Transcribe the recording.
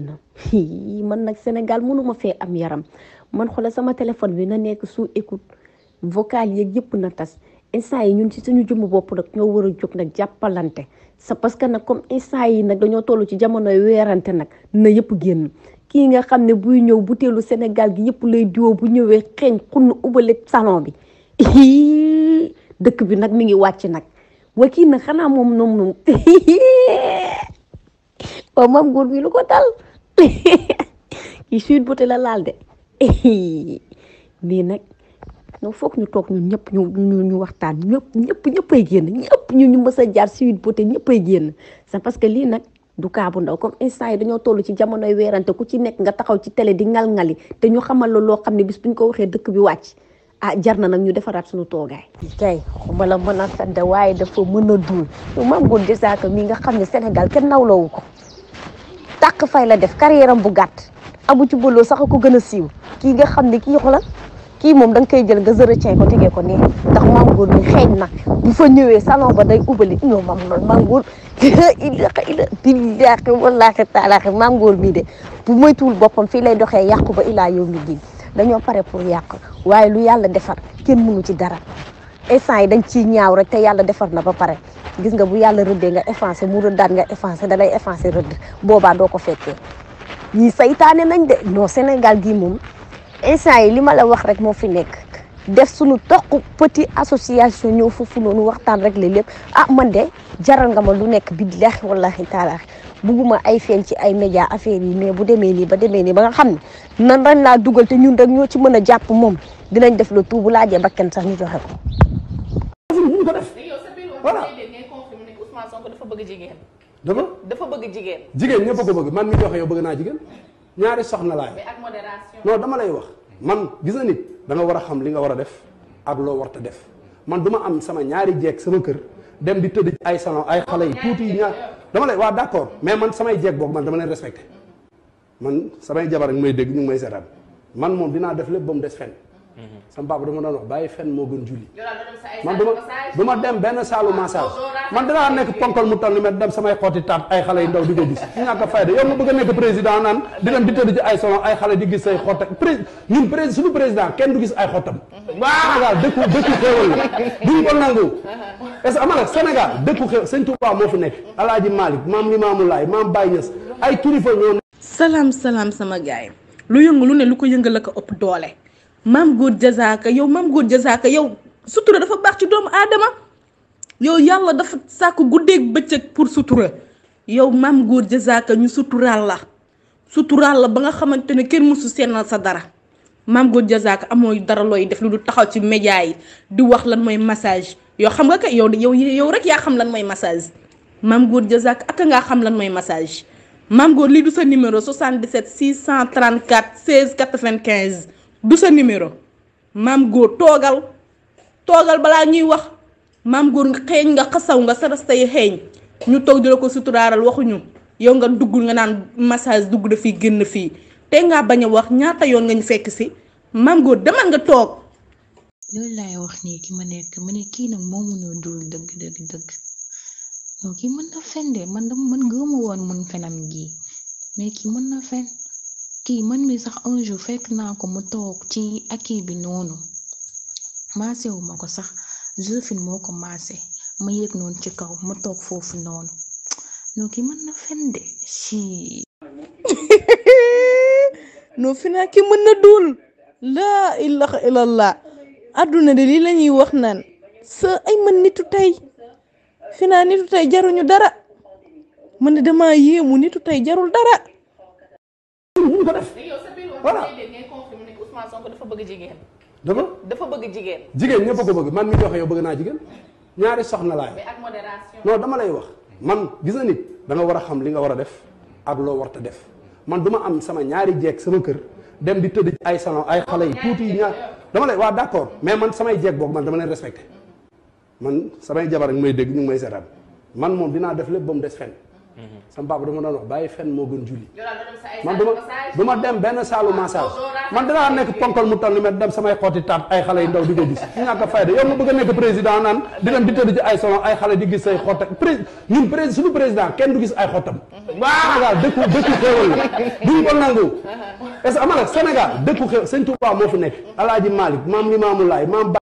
man nag Sénégal mënuma fee am yaram man xoolal sama téléphone bi na nekk sous écoute vocal yeeg yëpp na tas instant yi ñun ci suñu jëmm bopp nag ñoo war a jóg nag jàppalante sa parce que nag comme instant yi nag dañoo toll ci jamonoy weerante nag na yëpp génn kii nga xam ne buy ñëw butéelu Sénégal gi yëpp lay diwoo bu ñëwee xeeñ xunn ubale salon bi dëkk bi nag mi ngi wàcc nag wa kii nag xanaa moom noom noom waaw maam góor bi lu ko dal kii suite la laal de mais nag non foog ñu toog ñun ñëpp ñu ñu ñu waxtaan ñëpp ñëpp ñëppay génn ñëpp ñu ñu mës a jaar suite beauté ñëppay génn c'est parce que lii nag du kaa bu ndaw comme instant yi dañoo toll ci jamonoy weerante ku ci nekk nga taxaw ci tele di ngal-ngali te ñu xamal la loo xam ne bis buñ ko waxee dëkk bi wàcc ah jar na nag ñu defaraat suñu toogaay. kay xuma la mën a sedd waaye dafa mën a duul. maam Goundé Sakho mi nga xam ne Sénégal kenn nawlawu ko. tàkk fay la def carrière am bu gàtt abu ci bëloo sax a ko gën a siiw ki nga xam ne ki kii la kii moom da nga koy jël nga zërëcin ko tegee ko nii ndax mangoor mi xeeñ na bu fa ñëwee salon ba day ubali ñoo mam lool mangoor ilaq ila billaahi wallaahi taalaahi mangoor mii de bu moytuwul boppam fii lay doxee yàqu ba ilaa yow mi diin dañoo pare pour yàq waaye lu yàlla defar kenn mënu ci dara instant yi dañ ci ñaaw rek te yàlla defar na ba pare gis nga bu yàlla rëddee nga effacé mu rëddaat nga effacé da lay effacé rëdd boobaa doo ko fekkee yii saytaane nañ de non Sénégal gii moom instant yi li ma la wax rek moo fi nekk def suñu toq petit association ñëw foofu noonu waxtaan rek la lépp ah man de jaral nga ma lu nekk billaahi wallaahi taala bugguma ay feeñ ci ay média affaire yi mais bu demee nii ba demee nii ba nga xam ne nan ren laa dugal te ñun rek ñoo ci mën a jàpp moom dinañ def le tout bu laajee bakkan sax ñu joxe ko bëgg jigéen. dama dafa bëgg jigéen. jigéen ñëpp ko bëgg man mi joxe yow bëgg naa jigéen ñaari soxna laa mais ak dama lay wax man gis na nit da war a xam li nga war a def ak loo warta def man du am sama ñaari jeeg sama kër dem di tëdd ay salon ay xale yi tuuti ñaar dama lay waa d'accord mais man samay jeeg boobu man dama leen respecté man samay jabar ak may dégg ñu ngi may seetaan man moom dinaa def lépp ba mu des fenn. Mhm. sama papa dama doon wax bàyyi fen moo gën julli. man duma duma dem benn saalu ah, massage man danaa nekk ponkal mu toll ni dem samay xotti taat ay xale yu ndaw di ko gis ñàkk a fayda yow nga bëgg a nekk président naan di dem di tëdd ci ay salon ay xale di gis say xott prés ñun prés président kenn du gis ay xottam. Mhm. waaw Sénégal dëkku dëkku xéewal la duñ ko nangu. Uh-huh. est moo fi nekk El Hadj Malick maam Limaamu Laay maam Baye Niass ay kilifa ñoo. salaam salaam sama gaay lu yëngu lu ne lu ko yëngal la ko maam góor jazaaka yow maam góor jazaaka yow sutura dafa baax ci doomu aadama yow yàlla dafa sàkk guddeeg bëccëg pour sutura yow maam góor jazaaka ñu suturaal la suturaal la ba nga xamante ne kenn mësu seenal sa dara maam góor jazaaka amoo dara looy def lu du taxaw ci média yi di wax lan mooy massage yoo xam nga kay yow yow yow rek yaa xam lan mooy massage maam góor jazaaka ak ngaa xam lan mooy massage maam góor lii du sa numéro 77 634 16 95 du sa numéro maam góor toogal toogal balaa ñuy wax maam góor nga xeeñ nga xasaw nga sa rasta xeeñ ñu toog di la ko suturaaral waxuñu yow nga duggul nga naan massage dugg na fii génn fii te ngaa bañ a wax ñaata yoon nga ñu fekk si maam góor nga toog. loolu laay wax nii ki ma nekk ma ne kii nag moo mënoo dul dëgg dëgg dëgg non kii mën na fen de man dama man woon mun fenam gii mais kii mën na fen. kii mën na sax un fekk naa ko mu toog ci akii bi noonu maase wu ko sax Josephine moo ko maase ma yéeg noonu ci kaw ma toog foofu noonu noo kii mën na fen de si noo fi naa mën na duul laa ilaha illallah àdduna de lii lañuy wax naan sa ay man nitu tey fi naa nitu tey jaruñu dara man dama yéemu nitu tey jarul dara ko def. voilà dafa bëgg jigéen. dafa dafa bëgg jigéen. jigéen ñëpp ko bëgg man mi ngi waxee yow bëgg naa jigéen ñaari soxna laay. mais dama lay wax man gis na nit da war a xam li nga war a def ak loo warta def man du am sama ñaari jeeg sama kër dem di tëdd ay salon ay xale yi tuuti ñaar dama lay waa d'accord mais man samay jeeg boog man dama leen respecté man samay jabar ak may dégg ñu ngi may seetaan man moom dinaa def lépp ba mu des fenn sama papa dama doon wax bàyyi fen moo gën julli. man duma duma dem benn saalu ah, massage man danaa nekk ponkal mu toll ni dem samay xotti taat ay xale yu ndaw di ko gis ñàkk a fayda yow nga bëgg a nekk président naan di dem di tëdd ci ay salon ay xale di gis say xott prés ñun prés président kenn du gis ay xottam. Mhm. Sénégal dëkku dëkku xéewal la duñ ko nangu. Uh-huh. est Sénégal dëkku xéew Sëñ Tuubaa moo fi nekk. Alaaji Malick maam Limaamu Laay maam